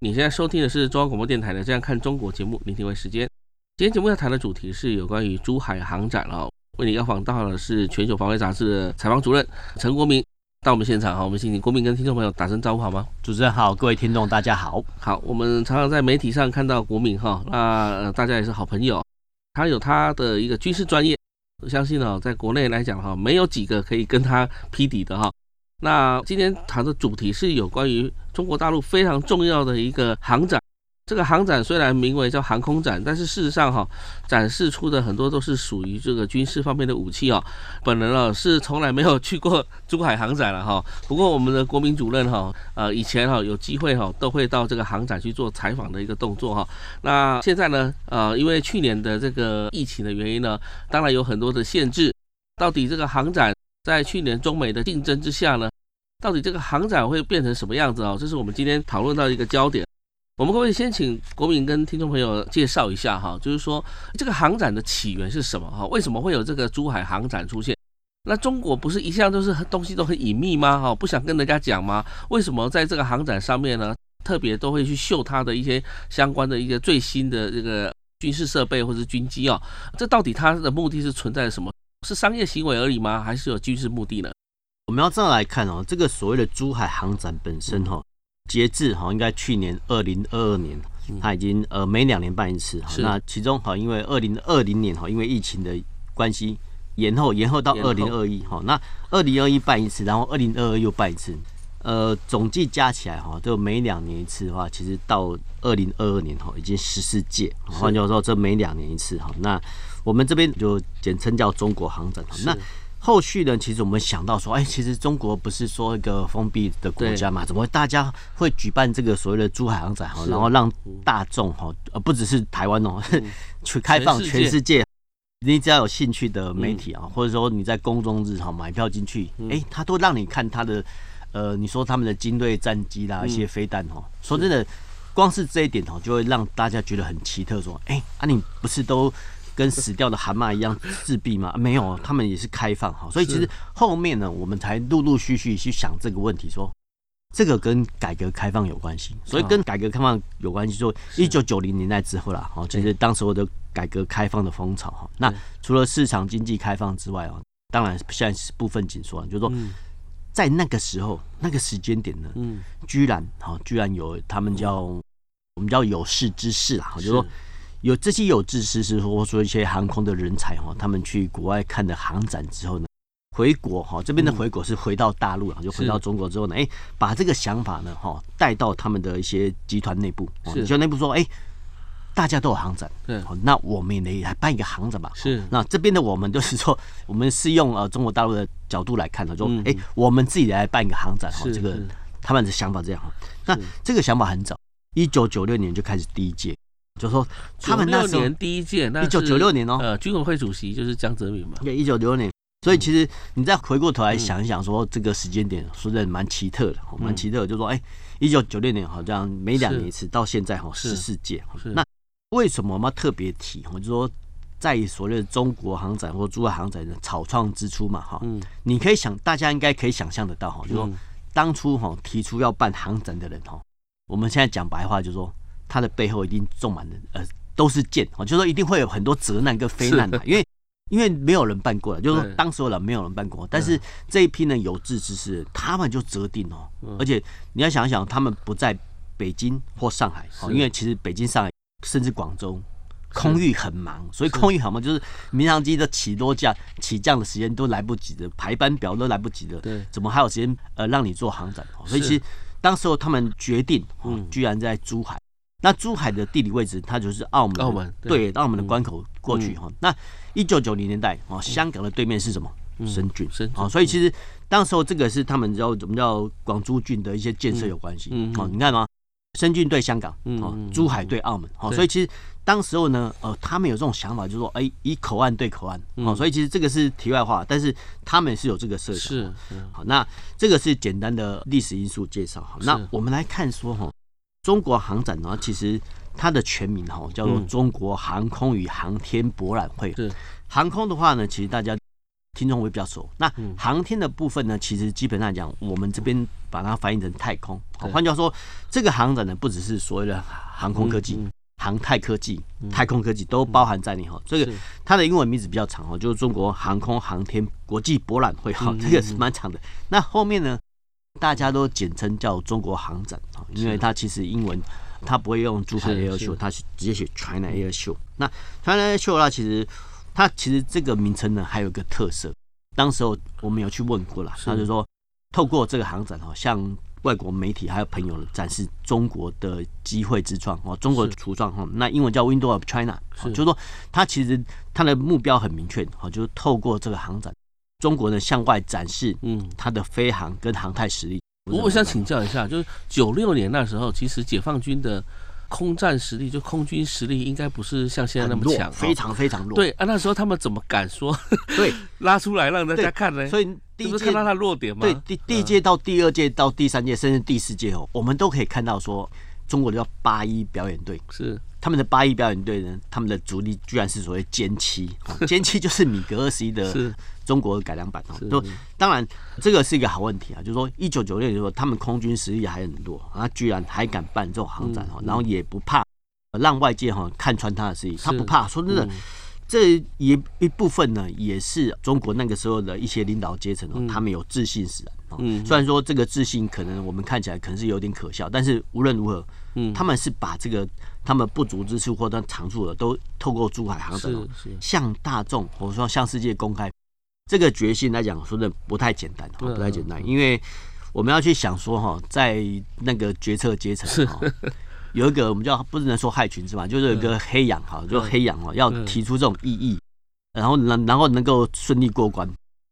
你現在收聽的是中央廣播電台的《這樣看中國》節目，林廷輝時間。今天節目要談的主題是有關於珠海航展了、哦。為你邀訪到的是全球防衛雜誌的採訪主任陳國銘到我們現場哈、哦，我們先請國銘跟聽眾朋友打聲招呼好嗎？主持人好，各位聽眾大家好。好，我們常常在媒體上看到國銘哈、哦，那大家也是好朋友，他有他的一個軍事專業，我相信呢、哦，在國內來講哈、哦，沒有幾個可以跟他匹敵的哈、哦。那今天談的主題是有關於中國大陸非常重要的一個航展。這個航展雖然名為叫航空展，但是事實上哈、啊，展示出的很多都是屬於這個軍事方面的武器哦、啊。本人啊是從來沒有去過珠海航展了哈、啊。不過我們的國銘主任哈，呃以前哈、啊、有機會哈、啊、都會到這個航展去做採訪的一個動作哈、啊。那現在呢、啊，呃因為去年的這個疫情的原因呢，當然有很多的限制，到底這個航展，在去年中美的競爭之下呢，到底這個航展會變成什麼樣子啊、哦？這是我們今天討論到一個焦點。我們各位先請國銘跟聽眾朋友介紹一下哈、哦，就是說這個航展的起源是什麼哈、哦？為什麼會有這個珠海航展出現？那中國不是一向都是東西都很隱祕嗎？哈、哦，不想跟人家講嗎？為什麼在這個航展上面呢，特別都會去秀它的一些相關的一些最新的這個軍事設備或者軍機啊、哦？這到底它的目的是存在什麼？是商業行為而已嗎？還是有軍事目的呢？我們要這樣來看哦、喔。這個所謂的珠海航展本身哈、喔，截至哈、喔，應該去年二零二二年，它已經呃每兩年辦一次、喔。是。那其中哈、喔，因為二零二零年哈、喔，因為疫情的關係延後延後到二零二一哈。那二零二一辦一次，然後二零二二又辦一次。呃，總計加起來哈、喔，就每兩年一次的話，其實到二零二二年哈、喔，已經十四屆。換句話說，這每兩年一次哈、喔，那。我們這邊就簡稱叫中國航展。那後續呢？其實我們想到說，哎、欸，其實中國不是說一個封閉的國家嘛？怎麼會大家會舉辦這個所謂的珠海航展？然後讓大眾哈，呃，不只是台灣哦、嗯，去開放全世,全世界。你只要有興趣的媒體啊、嗯，或者說你在公眾日常買票進去，哎、嗯，他、欸、都讓你看他的，呃，你說他們的軍隊戰機啦、嗯，一些飛彈哈。說真的，光是這一點哈，就會讓大家覺得很奇特。說，哎、欸，啊，你不是都？跟死掉的蛤蟆一樣自閉嗎？沒有，他們也是開放哈。所以其實後面呢，我們才陸陸續續去想這個問題說，說這個跟改革開放有關係。所以跟改革開放有關係，說一九九零年代之後啦，哈，其實當時候的改革開放的風潮哈。那除了市場經濟開放之外啊，當然現在是部分緊縮啊。就是說在那個時候那個時間點呢，嗯，居然哈，居然有他們叫我們叫有識之士啦，就是說。有這些有志士，是說，或說一些航空的人才哈，他們去國外看的航展之後呢，回國哈，這邊的回國是回到大陸啊，嗯，就回到中國之後呢，哎，欸，把這個想法呢哈帶到他們的一些集團內部，集團內部說，哎，欸，大家都有航展，對，喔，那我們也來辦一個航展吧。是。喔，那這邊的我們就是說，我們是用呃中國大陸的角度來看的，說，哎，嗯欸，我們自己來辦一個航展，喔，這個他們的想法這樣。那這個想法很早，一九九六年就開始第一屆。就說他們那年第一屆，那一九九六年哦、喔，呃，軍委會主席就是江澤民嘛。對，一九九六年。所以其實你再回過頭來想一想，說這個時間點、嗯、說真的蠻奇特的，蠻奇特的。就是、說哎，一九九六年好像每兩年一次，到現在哈十四屆。那為什麼我們要特別提？我就是、說在所謂的中國航展或珠海航展的草創之初嘛，哈、嗯，你可以想，大家應該可以想象得到哈，就是、說當初哈提出要辦航展的人哈、嗯，我們現在講白話就是說。他的背後一定種滿了呃，都是箭哦，就是說一定會有很多責難跟非難的，因為因為沒有人辦過了，就是說當時候呢沒有人辦過，但是這一批呢，有志之士，他們就折定哦、喔嗯，而且你要想一想，他們不在北京或上海哦，因為其實北京、上海甚至廣州空域很忙，所以空域很忙是就是民航機的起落架起降的時間都來不及的，排班表都來不及的，對，怎麼還有時間呃讓你做航展？所以其實當時候他們決定，嗯、居然在珠海。那珠海的地理位置，它就是澳門。澳門對，對，澳門的關口過去哈、嗯嗯。那一九九零年代啊、喔，香港的對面是什麼？嗯、深圳。啊、喔嗯，所以其實當時候這個是他們叫怎麼叫廣珠郡的一些建設有關係。嗯，哦、嗯嗯喔，你看嗎深圳對香港，哦、喔嗯嗯，珠海對澳門。哦、嗯喔，所以其實當時候呢，呃，他們有這種想法，就是說，哎、欸，以口岸對口岸。哦、嗯喔，所以其實這個是題外話，但是他們是有這個設想。是，是、啊，好，那這個是簡單的歷史因素介紹。好，那我們來看說哈。喔中國航展呢，其實它的全名哈叫做中國航空與航天博覽會。對、嗯，航空的話呢，其實大家聽眾會比較熟。那航天的部分呢，其實基本上講，我們這邊把它翻譯成太空。換句話說，這個航展呢，不只是所謂的航空科技、嗯嗯、航太科技、太空科技都包含在內哈。這、嗯、個它的英文名字比較長哈，就是中國航空航天國際博覽會哈，這個是蠻長的、嗯嗯。那後面呢？大家都簡稱叫中國航展。啊，因為他其實英文他不會用珠海 Air Show，是，是直接寫 China Air Show，嗯。那 China Air Show 其實他其實這個名稱呢，還有個特色。當時候我們有去問過啦，他就說透過這個航展哦，向外國媒體還有朋友展示中國的機會之窗哦，中國的櫥窗哦。那英文叫 Window of China，是就是說他其實他的目標很明確，哦，就是透過這個航展。中國呢，向外展示，嗯，它的飛航跟航太實力。我想請教一下，就是九六年那時候，其實解放軍的空戰實力，就空軍實力，應該不是像現在那麼強、哦，非常非常弱。對啊，那時候他們怎麼敢說？對， 拉出來讓大家看呢？所以，第一屆、就是看到他弱點嗎？對，第第一屆到第二屆到第三屆，甚至第四屆哦，我們都可以看到說，中國的叫八一表演隊是。他們的八一表演隊呢？他們的主力居然是所謂殲七，殲七、哦、殲七就是米格二十一的中國的改良版 哦就。當然，這個是一個好問題啊。就說一九九六年的時候，他們空軍實力還很弱啊，居然還敢辦這種航展、嗯、哦，然後也不怕、嗯、讓外界哈、哦、看穿他的事情，他不怕。說真的，嗯、這一一部分呢，也是中國那個時候的一些領導階層哦，他們有自信使然、哦嗯。嗯，雖然說這個自信可能我們看起來可能是有點可笑，但是無論如何。他們是把這個他們不足之處或者長處的，都透過珠海航展向大眾或者說向世界公開。這個決心來講，說的不太簡單，不太簡單。嗯、因為我們要去想說哈，在那個決策階層，有一個我們叫不能說害群之馬，就是有一個黑羊，哈，就黑羊哦，要提出這種異議，然後能然後能夠順利過關，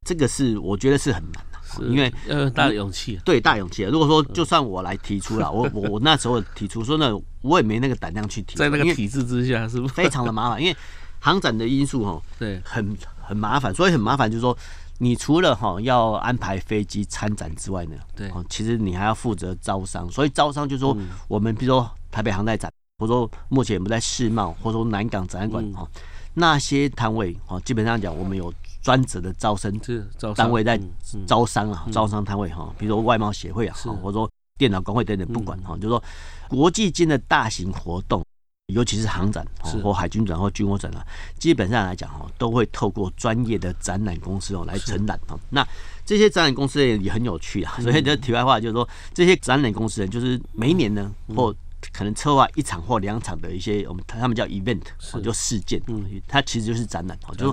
這個是我覺得是很難的。因為呃，大勇氣，對，大勇氣。如果說就算我來提出了，我我我那時候提出說呢，我也沒那個膽量去提，在那個體制之下是不是非常的麻煩。因為航展的因素哈，對，很很麻煩，所以很麻煩就是說，你除了哈要安排飛機參展之外呢，對，其實你還要負責招商。所以招商就是說，我們比如說台北航太展，或者說目前我們在世貿，或者說南港展覽館哈。那些攤位哦，基本上講，我們有專職的招生單位在招商啊，招商攤位哈、嗯，比如說外貿協會啊，或者說電腦工會等等，不管哈、嗯，就是、說國際間的大型活動，尤其是航展啊、嗯，或海軍展或軍火展啊，基本上來講哈，都會透過專業的展覽公司哦來承攬，那這些展覽公司也很有趣啊，所以的題外話就是說，這些展覽公司呢，就是每一年呢、嗯、或。可能策劃一場或兩場的一些，我們他們叫 event，就事件，嗯、它其實就是展覽。就是、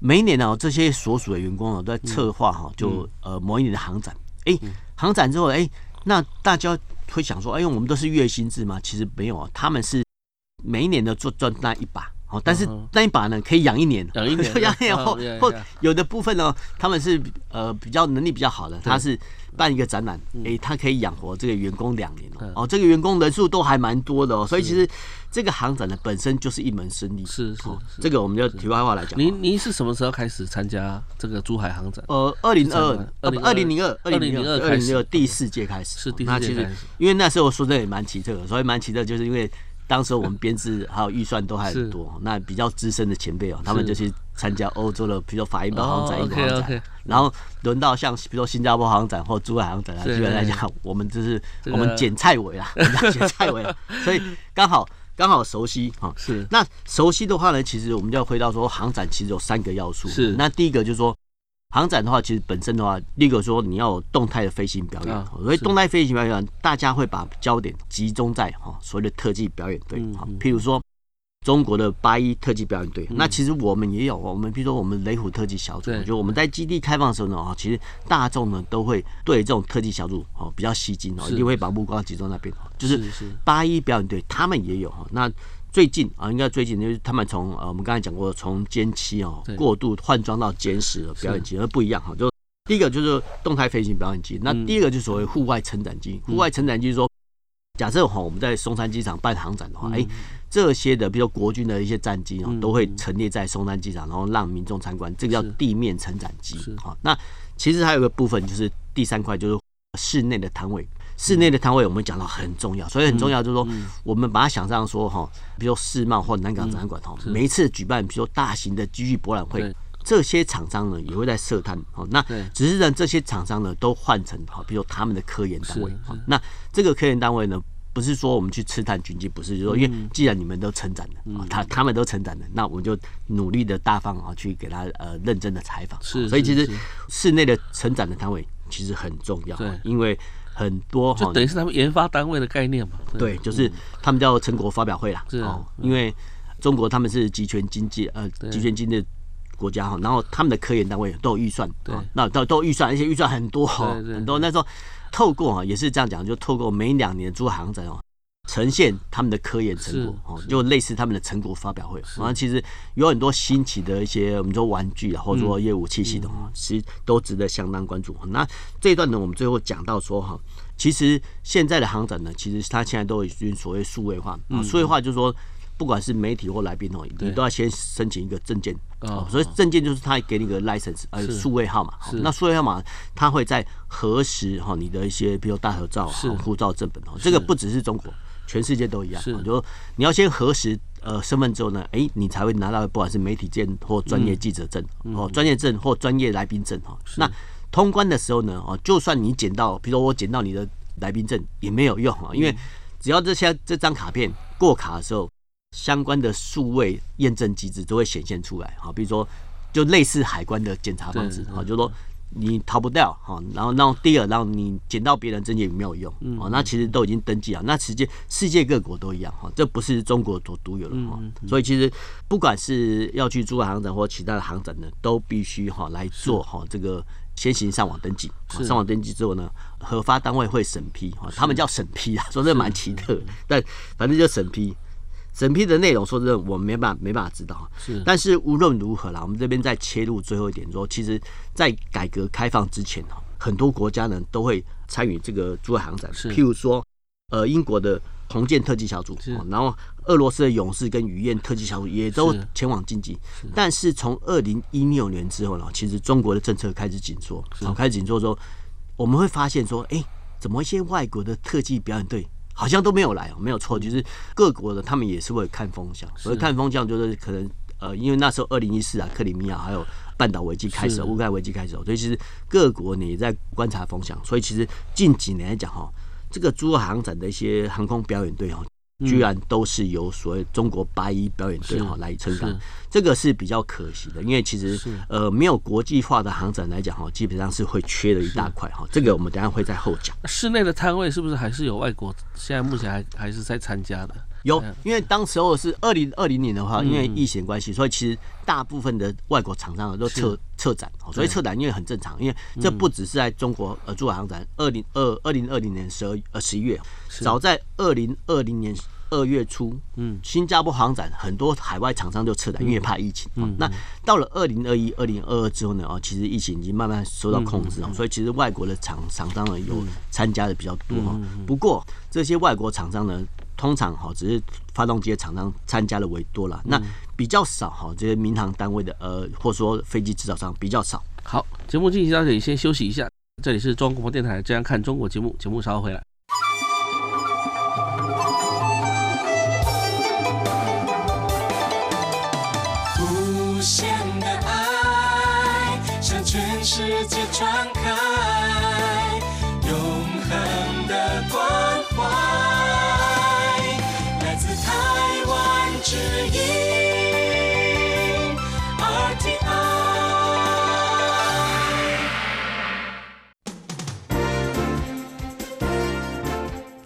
每一年呢，這些所屬的員工都在策劃哈，就呃某一年的航展。哎、嗯，嗯欸、航展之後，哎、欸，那大家會想說，哎、欸，因為我們都是月薪制嘛，其實沒有啊，他們是每一年都做賺那一把。哦，但是那一把呢，可以養一年、嗯，養 一年後，後、哦哦哦、有的部分呢，他們是呃比較能力比較好的，他是辦一個展覽，哎、嗯，欸、他可以養活這個員工兩年、喔嗯、哦，這個員工人數都還蠻多的哦、喔，所以其實這個航展呢，本身就是一門生意，是是、哦、是、是、是這個我們就題外話來講。您您是什麼時候開始參加這個珠海航展？呃，二零二二二零零二二零零二二零二第四屆開始，開始、哦，是第四屆開始、喔。那其實因為那時候我說的也蠻奇特，所以蠻奇特的就是因為。當時我們編製還有預算都還很多，那比較資深的前輩哦、喔，他們就去參加歐洲的，比如說法蘭克福航展、英國航展，然後輪到像比如說新加坡航展或珠海航展來，基本來講我們就是我們撿菜尾啊，我們撿菜尾啊， 所以剛好剛好熟悉、喔、是那熟悉的話呢，其實我們就要回到說航展其實有三個要素。是那第一個就是說。航展的話，其實本身的話，例如說你要有動態的飛行表演，啊、所以動態飛行表演，大家會把焦點集中在哈所謂的特技表演隊、嗯嗯，譬如說中國的八一特技表演隊、嗯。那其實我們也有，我們譬如說我們雷虎特技小組，就我們在基地開放的時候呢，啊，其實大眾呢都會對這種特技小組哦比較吸睛哦，一定會把目光集中在那邊，就是八一表演隊他們也有哈那。最近啊，應該最近就是他們從呃、啊，我們剛才講過，從殲七哦，過渡換裝到殲十的表演機，而不一樣哈、哦，就第一個就是動態飛行表演機，那第一個就是所謂戶外成展機，戶、嗯、外成展機說，假設哈，我們在松山機場辦航展的話，哎、嗯欸，這些的比如說國軍的一些戰機哦、嗯，都會陳列在松山機場，然後讓民眾參觀，這個叫地面成展機哈。那其實還有個部分就是第三塊就是室內的攤位。室內的攤位我們講到很重要，所以很重要就是說，我們把它想象說哈、嗯嗯，比如世貿或南港展覽館哈，每一次舉辦比如大型的機具博覽會，這些廠商呢也會在設攤哦。那只是呢，這些廠商呢都換成哈，比如說他們的科研單位。那這個科研單位呢，不是說我們去刺探軍機，不是，就是說因為既然你們都參展的，他、嗯、他們都參展了，嗯、那我就努力的大方啊去給他呃認真的採訪。是，所以其實室內的參展的攤位其實很重要，因為。很多，就等於是他們研發單位的概念嘛。對、嗯，就是他們叫成果發表會啦。是啊，因為中國他們是集權經濟，呃，集權經濟國家哈，然後他們的科研單位都有預算，對，嗯、那都都預算，而且預算很多哈，很多，對對對，那時候透過啊，也是這樣講，就透過每兩年珠海航展哦。呈現他們的科研成果哦，就類似他們的成果發表會。然後其實有很多新奇的一些，我們說玩具啊，或者說業務器系統啊、嗯，其實都值得相當關注。嗯嗯、那這一段呢，我們最後講到說哈，其實現在的航展呢，其實他現在都已經所謂數位化。數、嗯、位化就是說，不管是媒體或來賓哦、嗯，你都要先申請一個證件。哦，所以證件就是他給你個 license，呃，數位號碼。那數位號碼，他會在核實哈你的一些，比如大合照啊、護照正本。這個不只是中國。全世界都一樣，就是，說你要先核實呃身份之後呢，誒、欸，你才會拿到，不管是媒體證或專業記者證哦，專、嗯、業證或專業來賓證哈、喔。那通關的時候呢，哦、喔，就算你撿到，比如說我撿到你的來賓證也沒有用啊、喔，因為只要這些這張卡片過卡的時候，相關的數位驗證機制都會顯現出來啊，比、喔、如說就類似海關的檢查方式啊，就是說。喔嗯你逃不掉哈，然後，然後第二，然後你撿到別人證件也沒有用。嗯哦、那其實都已經登記了。那其實世界各國都一樣哈，這不是中國所獨有的哈、嗯哦。所以其實不管是要去珠海航展或其他的航展呢，都必須哈、哦、來做好、哦、這個先行上網登記。上網登記之後呢，核發單位會審批、哦、他們叫審批啊，說這蠻奇特。但反正就審批。審批的內容，說真的，我們沒辦法沒辦法知道。是，但是無論如何啦，我們這邊再切入最後一點說，說其實，在改革開放之前哦，很多國家呢都會參與這個珠海航展，是，譬如說，呃，英國的紅箭特技小組，然後俄羅斯的勇士跟雨燕特技小組也都前往競技。但是從二零一六年之後呢，其實中國的政策開始緊縮，開始緊縮之後，我們會發現說，哎、欸，怎麼一些外國的特技表演隊？好像都沒有來哦，沒有錯，就是各國的他們也是會看風向，所謂看風向就是可能呃，因為那時候二零一四啊，克里米亞還有半島危機開始，烏克蘭危機開始，所以其實各國你也在觀察風向，所以其實近幾年來講哈，這個珠海航展的一些航空表演隊哦。居然都是由所謂中國八一表演隊哈、嗯、來承擔，這個是比較可惜的，因為其實呃沒有國際化的航展來講哈，基本上是會缺了一大塊哈。這個我們等一下會在後講。室內的攤位是不是還是有外國？現在目前還還是在參加的？有，因為當時候是二零二零年的話、嗯，因為疫情關係，所以其實大部分的外國廠商都撤撤展，所以撤展因為很正常，因為這不只是在中國呃珠海航展二零二，二零二零年十二，，二零二二零二零年十二呃十一月，早在二零二零年二月初，嗯，新加坡航展很多海外廠商就撤展，因為怕疫情。嗯嗯、那到了二零二一、二零二二之後呢，哦，其實疫情已經慢慢受到控制了、嗯，所以其實外國的廠廠商呢有參加的比較多哈、嗯。不過這些外國廠商呢。通常哈，只是發動機廠商參加的為多了，那比較少哈，這些民航單位的呃，或說飛機制造商比較少。好，節目進行到這裡，先休息一下。這裡是中國電台，這樣看中國節目，節目稍後回來。無限的愛向全世界傳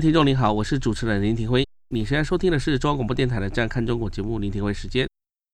聽眾您好，我是主持人林廷輝。你現在收聽的是中央廣播電台的《這樣看中國》節目，林廷輝時間。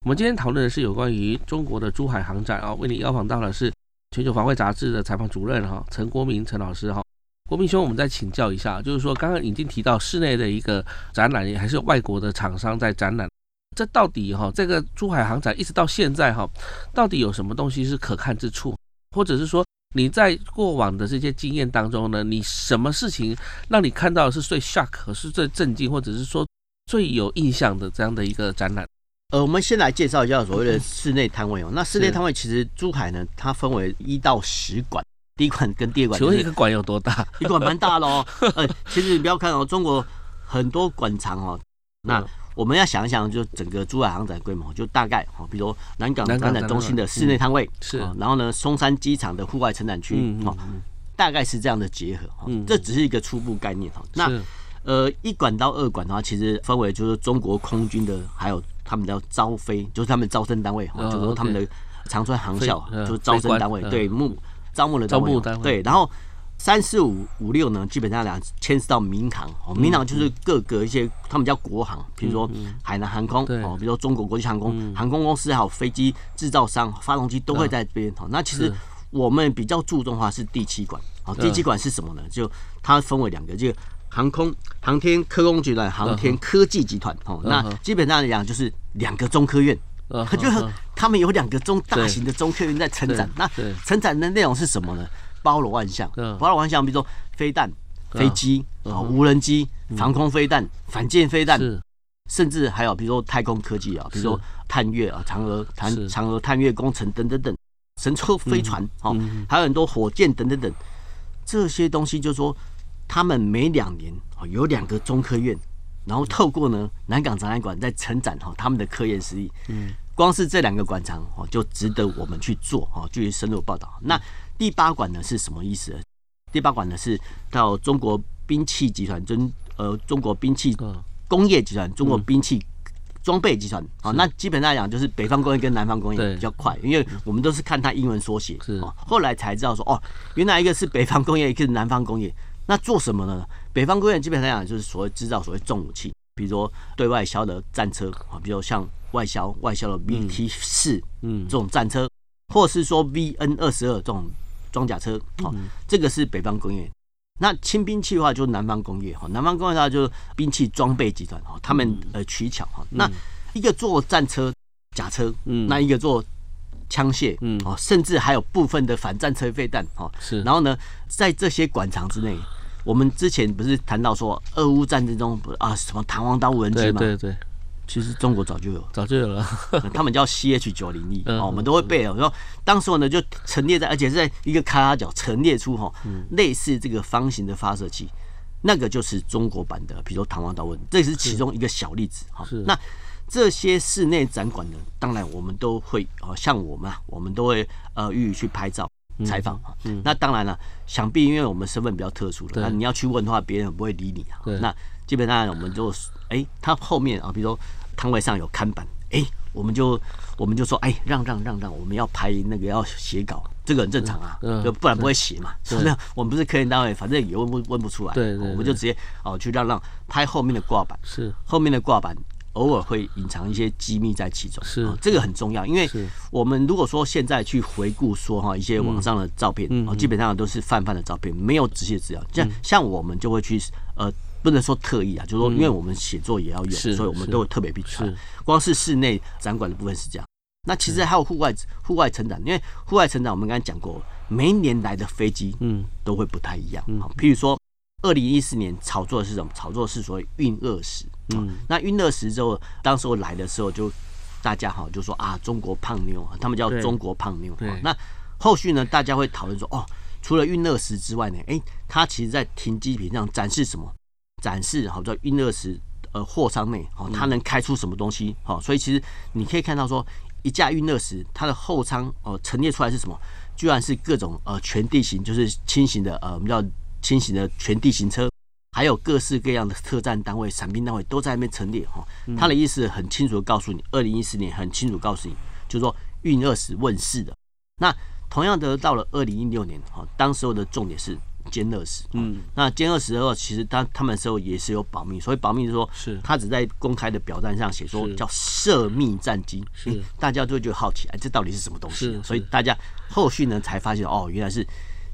我們今天討論的是有關於中國的珠海航展啊、哦。為你邀訪到的是《全球防衛雜誌》的採訪主任哈、哦，陳國銘。陳老師哈、哦。國銘兄，我們再請教一下，就是說剛剛已經提到室內的一個展覽，也還是有外國的廠商在展覽。這到底哈、哦，這個珠海航展一直到現在哈、哦，到底有什麼東西是可看之處，或者是說？你在過往的這些經驗當中呢，你什麼事情讓你看到的是最 shock，或是最震驚，或者是說最有印象的這樣的一個展覽？呃，我們先來介紹一下所謂的室內攤位哦、喔。那室內攤位其實珠海呢，它分為一到十館，第一館跟第二館、就是。請問一個館有多大？一個館蠻大嘍、 呃。其實你不要看哦、喔，中國很多館場哦，那。我們要想一想，就整個珠海航展規模，就大概比如南港展覽中心的室內攤位是，嗯，然後呢，松山機場的戶外參展區大概是這樣的結合哈、嗯，這只是一個初步概念哈、嗯。那呃，一館到二館的話，其實分為就是中國空軍的，還有他們叫招飛，就是他們招生單位，oh, okay. 就是說他們的長春航校，就是招生單位對募招募的招募對，然後。三四五五六呢，基本上兩牽涉到民航哦、喔，民航就是各個一些，嗯、他們叫國航，比如說海南航空哦、喔，比如說中國國際航空、嗯，航空公司還有飛機製造商、發動機都會在這邊哦、啊喔。那其實我們比較注重的話是第七館哦、喔，第七館是什麼呢？啊、就它分為兩個，就航空航天科工集團、航天科技集團哦、啊啊啊。那基本上來講就是兩個中科院，啊啊啊、就是、他們有兩個中大型的中科院在成長。那成長的內容是什麼呢？包羅萬象，包羅萬象，比如說飛彈、飛機、啊嗯、無人機、防空飛彈、反艦飛彈，甚至還有比如說太空科技啊，比如說探月啊，嫦娥探嫦娥探月工程等等等，神舟飛船、嗯嗯、還有很多火箭等等等，這些東西就是說他們每兩年有兩個中科院，然後透過呢南港展覽館在承展哈他們的科研實力，光是這兩個館場，就值得我們去做哈，繼續深入報道那。第八管呢是什麼意思？第八管呢是到中國兵器集團，中呃中國兵器工業集團、嗯，中國兵器裝備集團啊、喔。那基本上來講就是北方工業跟南方工業比較快，因為我們都是看它英文縮寫，是、喔、後來才知道說哦、喔，原來一個是北方工業，一個是南方工業。那做什麼呢？北方工業基本上來講就是所謂製造所謂重武器，比如說對外銷的戰車啊、喔，比如像外銷外銷的 VT 四嗯這種戰車，嗯嗯、或是說 VN 二十二這種。裝甲車，哦、喔、嗯，這個是北方工業。那輕兵器的話，就是南方工業哈、喔。南方工業的話，就是兵器裝備集團哈、喔。他們、嗯、呃取巧哈、喔、嗯。那一個做戰車、甲車，嗯，那一個做槍械，嗯，哦、喔，甚至還有部分的反戰車飛彈，哦、喔，是。然後呢，在這些館場之內，我們之前不是談到說俄烏戰爭中不是啊什麼彈簧刀無人機嘛，對對對。其實中國早就有，早就有了，他們叫 CH 九零一，我們都會背了，然後當時呢，就陳列在，而且是在一個卡拉角陳列出哈，類似這個方形的發射器，嗯、那個就是中國版的，比如彈簧刀，這是其中一個小例子哈、哦。那這些室內展館呢，當然我們都會，像我啊，我們都會呃予以去拍照採訪、嗯哦嗯、那當然了、啊，想必因為我們身份比較特殊了，那你要去問的話，別人不會理你啊、哦。那基本上我們就。哎、欸，他後面啊，比如說攤位上有看板，哎、欸，我們就我們就說，哎、欸，讓讓讓讓，我們要拍那個要寫稿，這個很正常啊，就不然不會寫嘛是是是。我們不是科研單位，反正也問不問不出來對對對、喔，我們就直接哦、喔、去讓讓拍後面的掛板。是後面的掛板偶爾會隱藏一些機密在其中。是、喔、這個很重要，因為我們如果說現在去回顧說哈、喔、一些網上的照片、嗯、喔，基本上都是泛泛的照片，沒有直接資料。像、嗯、像我們就會去呃。不能說特意啊，就是，說因為我們寫作也要遠、嗯，所以我們都會特別必穿。光是室內展館的部分是這樣，那其實還有戶外戶、嗯、外成長，因為戶外成長，我們剛才講過，每一年來的飛機嗯都會不太一樣。好、嗯，譬如說二零一四年炒作的是什麼？炒作是所謂運20。嗯、哦，那運20之後，當時候來的時候就，就大家好就說啊，中國胖妞，他們叫中國胖妞、哦。那後續呢，大家會討論說哦，除了運20之外呢，哎、欸，他其實在停機坪上展示什麼？展示好叫運二十，呃，貨艙內哦，它能開出什麼東西、嗯？哦，所以其實你可以看到說，一架運二十，它的後艙哦，陳、呃、列出來是什麼？居然是各種呃全地形，就是輕型的呃，我們叫輕型的全地形車，還有各式各樣的特戰單位、傘兵單位都在那邊陳列哦，他、嗯、的意思很清楚的告訴你，二零一四年很清楚告訴你，就是說運二十問世的。那同樣的到了二零一六年，哈、哦，當時候的重點是。殲二十，嗯，那殲二十的話，其實他他們的時候也是有保密，所以保密就是說，是，他只在公開的表單上寫說叫涉密戰機、欸，大家都就好奇，哎、欸，這到底是什麼東西？所以大家後續呢才發現，哦，原來是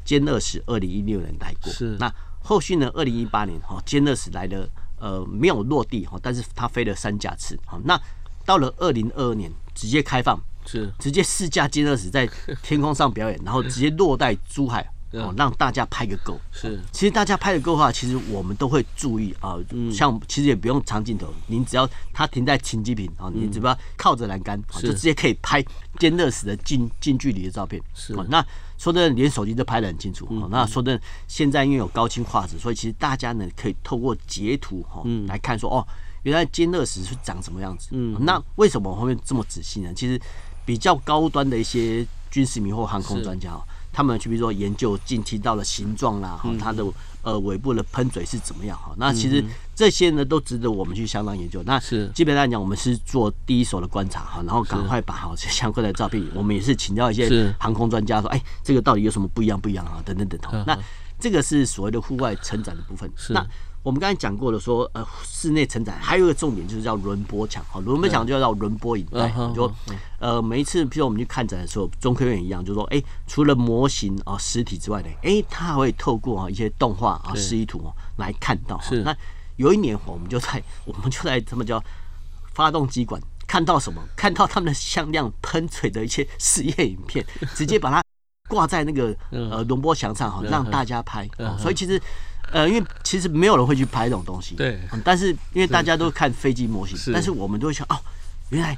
殲二十二零一六年來過，是，那後續呢二零一八年哈殲二十來了，呃，沒有落地哈，但是它飛了三架次，好，那到了二零二二年直接開放，是，直接四架殲二十在天空上表演， 然後直接落在珠海。哦，讓大家拍個夠。是，其實大家拍個夠的話，其實我們都會注意啊。像其實也不用長鏡頭，嗯，您只要它停在停機坪啊，哦嗯，你只要靠着欄杆，哦，就直接可以拍殲二十的近近距離的照片。是。哦，那說真的連手機都拍得很清楚。嗯哦，那說真的現在因為有高清畫質，所以其實大家呢可以透過截圖哈、哦嗯，來看說哦，原來殲二十是長什麼樣子。嗯哦，那為什麼我後面這麼仔細呢？其實比較高端的一些軍事迷或航空專家。他們去，比如說研究進氣道的形狀啦，哈、嗯，它的呃尾部的噴嘴是怎麼樣哈、嗯？那其實這些呢都值得我們去相當研究。嗯、那基本上講，我們是做第一手的觀察哈，然後趕快把好相關的照片，我們也是請教一些航空專家說，哎，這個到底有什麼不一樣不一樣啊？等等等等。那這個是所謂的戶外成長的部分。是那。我們剛才講過的說，呃，室內承載還有一個重點就是叫輪播牆，輪播牆就叫輪播影帶，Yeah. 就、uh -huh. 呃，每一次，譬如我們去看展的時候，中科院一樣，就是、說，哎、欸，除了模型啊、呃、實體之外的，哎、欸，它還會透過啊一些動畫啊、呃、示意圖來看到。那有一年，我們就在我們就在他們叫發動機館看到什麼？看到他們的向量噴嘴的一些實驗影片， 直接把它掛在那個、uh -huh. 呃，輪播牆上，讓大家拍。Uh -huh. 哦、所以其實。呃，因為其實沒有人會去拍這種東西，對。嗯、但是因為大家都看飛機模型，但是我們都會想哦，原來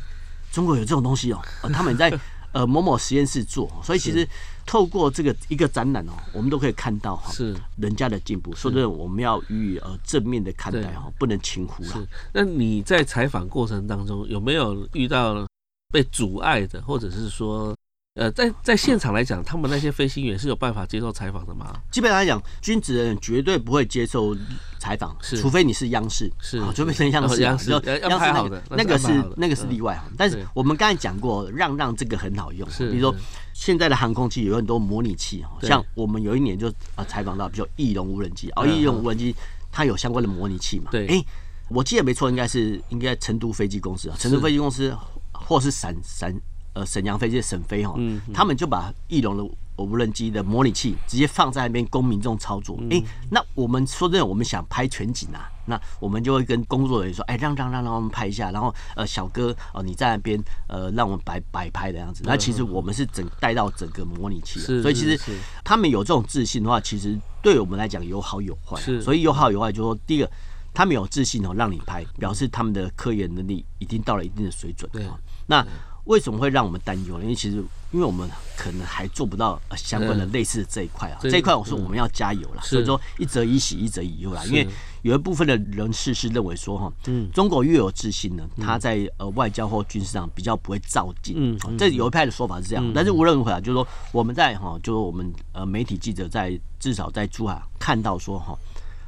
中國有這種東西哦，呃、他們在呃某某實驗室做，所以其實透過這個一個展覽哦，我們都可以看到哈、哦，是人家的進步，所以我們要予以呃正面的看待哦，是不能輕忽了。那你在採訪過程當中有沒有遇到被阻礙的，或者是說？呃，在在現場來講，他們那些飛行員是有辦法接受採訪的嗎？基本上來講，軍職人絕對不會接受採訪，是，除非你是央視，是，除、嗯、非是，是央視，央視好，央視那個，好那個是，那，是那個是例外、嗯、但是我們剛才講過、嗯，讓讓這個很好用，是，比如說現在的航空器有很多模擬器哈，像我們有一年就啊採訪到比如說翼龍無人機，啊、嗯哦、翼龍無人機它有相關的模擬器嘛？對，哎、欸，我記得沒錯，應該是應該成都飛機公司啊，成都飛機公司是或是陝陝。呃，沈陽飛機是沈飛哈、嗯，他們就把翼龍的無人機的模擬器直接放在那邊供民眾操作。哎、嗯欸，那我們說真的，我們想拍全景啊，那我們就會跟工作人員說：“哎、欸，讓讓讓，讓我們拍一下。”然後呃，小哥哦、呃，你在那邊呃，讓我們擺擺拍的樣子。那其實我們是整帶到整個模擬器、啊，是是是，所以其實他們有這種自信的話，其實對我們來講有好有壞。所以有好有壞，就是說第一個，他們有自信哦，讓你拍，表示他們的科研能力已經到了一定的水準的。對那。對為什麼會讓我們擔憂呢？因為其實，因為我們可能還做不到、呃、相關的類似這一塊啊。這一塊，我說我們要加油了。所以說，一則以喜，一則以憂了。因為有一部分的人士是認為說，哈，中國越有自信呢，嗯、他在呃外交或軍事上比較不會躁進。嗯，這有一派的說法是這樣，嗯、但是無論如何啊、嗯，就是說我們在哈，就是我們呃媒體記者在至少在珠海看到說哈。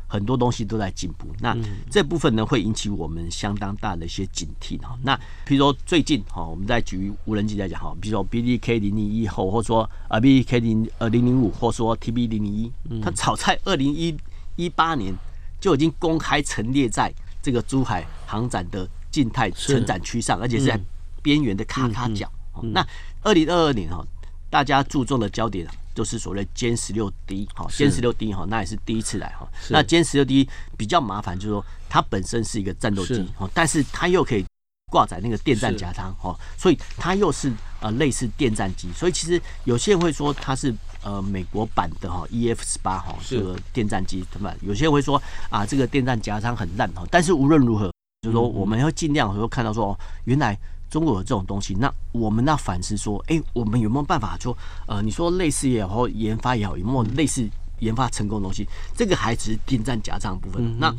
很多東西都在進步，那這部分呢，會引起我們相當大的一些警惕哈，那譬如說最近哈，我們在舉無人機來講哈，比如說 B D K 零零一號，或者說 B D K 零零零五，或者說 T B 零零一，它早在二零一一八年就已經公開陳列在這個珠海航展的靜態存展區上，嗯，而且是在邊緣的咔咔角。嗯嗯嗯、那二零二二年哈，大家注重的焦點。就是所謂殲十六 D，哈，殲十六 D 哈，那也是第一次來哈。那殲十六 D 比較麻煩，就是說它本身是一個戰鬥機，哈，但是它又可以掛載那個電戰夾艙，哈，所以它又是呃類似電戰機。所以其實有些人會說它是呃美國版的哈，E F 十八哈這個電戰機，怎麼辦？有些人會說啊這個電戰夾艙很爛，哈。但是無論如何，就是說我們要盡量能看到說原來。中國有這種東西，那我們那反思說，哎、欸，我們有沒有辦法？說，呃，你說類似也好，研發也好，有沒有類似研發成功的東西？這個還只是電戰夾艙部分，嗯。那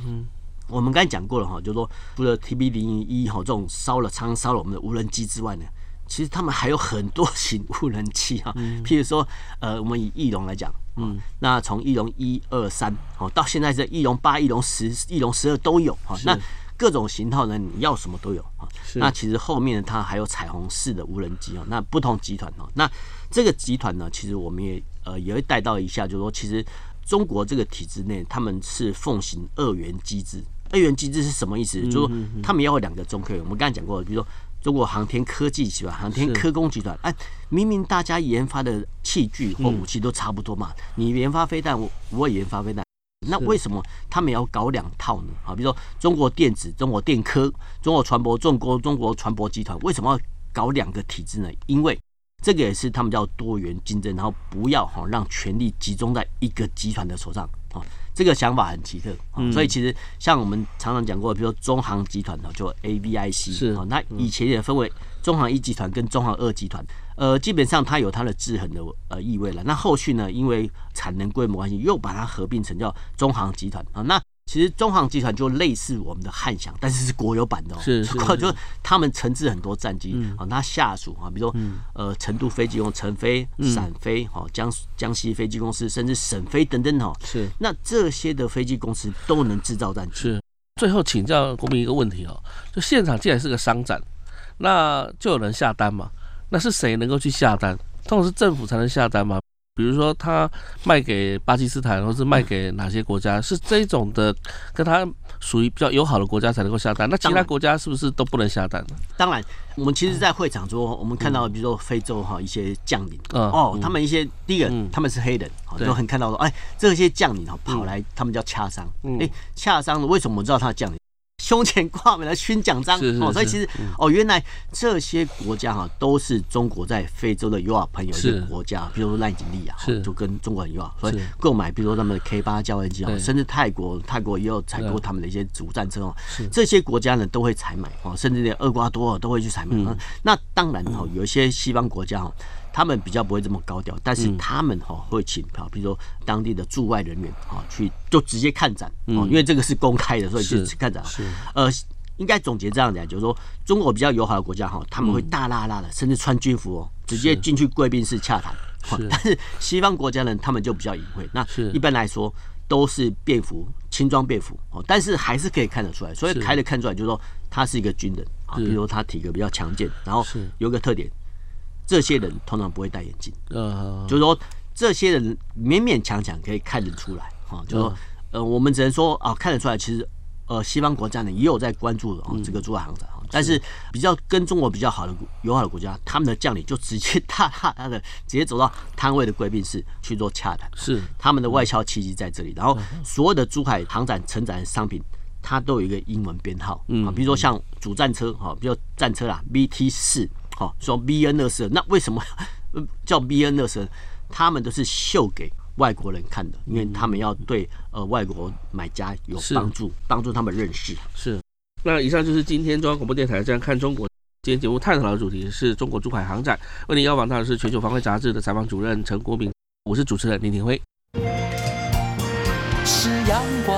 我們剛才講過了哈，就是，說除了 TB 零零一哈這種燒了倉、燒了我們的無人機之外呢，其實他們還有很多型無人機哈，嗯。譬如說，呃，我們以翼龍來講，嗯，那從翼龍一二三哦到現在這翼龍八、翼龍十、翼龍十二都有哈。那各種型號呢，你要什麼都有啊。那其實後面它還有彩虹四的無人機啊。那不同集團哦，那這個集團呢，其實我們也呃也會帶到一下，就是說，其實中國這個體制內他們是奉行二元機制。二元機制是什麼意思？嗯、哼哼就是說，他們也有兩個中科院，我們剛才講過，比如說中國航天科技集團、航天科工集團。哎、啊，明明大家研發的器具或武器都差不多嘛，嗯、你研發飛彈，我也研發飛彈。那為什麼他們要搞兩套呢？啊，比如說中國電子、中國電科、中國船舶、中國中國船舶集團，為什麼要搞兩個體制呢？因為這個也是他們叫多元競爭，然後不要哈讓權力集中在一個集團的手上啊。這個想法很奇特，所以其實像我們常常講過，比如說中航集團呢，就 AVIC，是啊，那以前也分為中航一集團跟中航二集團。呃，基本上它有它的製衡的呃意味了。那後續呢，因為產能規模關係，又把它合併成叫中航集團啊。那其實中航集團就類似我們的漢翔，但是是國有版的。哦。是是，是。就他們承制很多戰機、嗯、啊，他下屬啊，比如說、嗯、呃成都飛機公司、成飛、陝、嗯、飛、哈、啊、江江西飛機公司，甚至瀋飛等等哈、哦。是。那這些的飛機公司都能製造戰機。是。最後請教國銘一個問題哦，就現場既然是個商展，那就有人下單嘛。那是誰能夠去下單？通常是政府才能下單嗎？比如說他賣給巴基斯坦，或是賣給哪些國家？是這種的，跟他屬於比較友好的國家才能夠下單。那其他國家是不是都不能下單？當然，我們其實，在會場中，我們看到，比如說非洲哈一些將領、嗯嗯，哦，他們一些第一個他們是黑人，就、嗯嗯、很看到說，哎，這些將領哈跑來，他們叫洽商。哎、欸，洽商的為什麼我知道他的將領？胸前掛滿了勳獎章。是是是哦，所以其實、嗯、哦，原來這些國家哈、啊、都是中國在非洲的友好朋友，這些國家，比如說奈及利亞啊，就跟中國人友好，所以購買，比如說他們 K 八教練機啊，甚至泰國，泰國也有採購他們的一些主戰車哦，這些國家呢都會採買哦，甚至連厄瓜多爾都會去採買、嗯啊。那當然哦，有一些西方國家哦。他們比較不會這麼高調，但是他們哈會請啊，比如說當地的駐外人員啊去，就直接看展哦、嗯，因為這個是公開的，所以就去看展是是。呃，應該總結這樣講，就是說中國比較友好的國家哈，他們會大喇喇的，甚至穿軍服哦，直接進去貴賓室洽談。但是西方國家呢，他們就比較隱晦。那一般來說都是便服，輕裝便服哦，但是還是可以看得出來。所以開得看出來，就是說他是一個軍人啊，比如說他體格比較強健，然後有一個特點。這些人通常不會戴眼鏡，就是說，這些人勉勉強強可以看得出來，哈，就是說，呃，我們只能說啊，看得出來，其實，呃，西方國家呢也有在關注這個珠海航展，但是比較跟中國比較好的友好的國家，他們的將領就直接大大的直接走到攤位的貴賓室去做洽談，是他們的外銷契機在這裡。然後，所有的珠海航展參展商品，它都有一個英文編號，比如說像主戰車，比如說戰車啦，VT 四。好，說 B N 樂是，那為什麼叫 B N 樂是？他們都是秀給外國人看的，因為他們要對呃外國買家有幫助，幫助他們認識是。是，那以上就是今天中央廣播電台《這樣看中國》今天節目探討的主題，是中國珠海航展。問您要請到的是《全球防衛雜誌》的採訪主任陳國明，我是主持人林廷輝。是陽光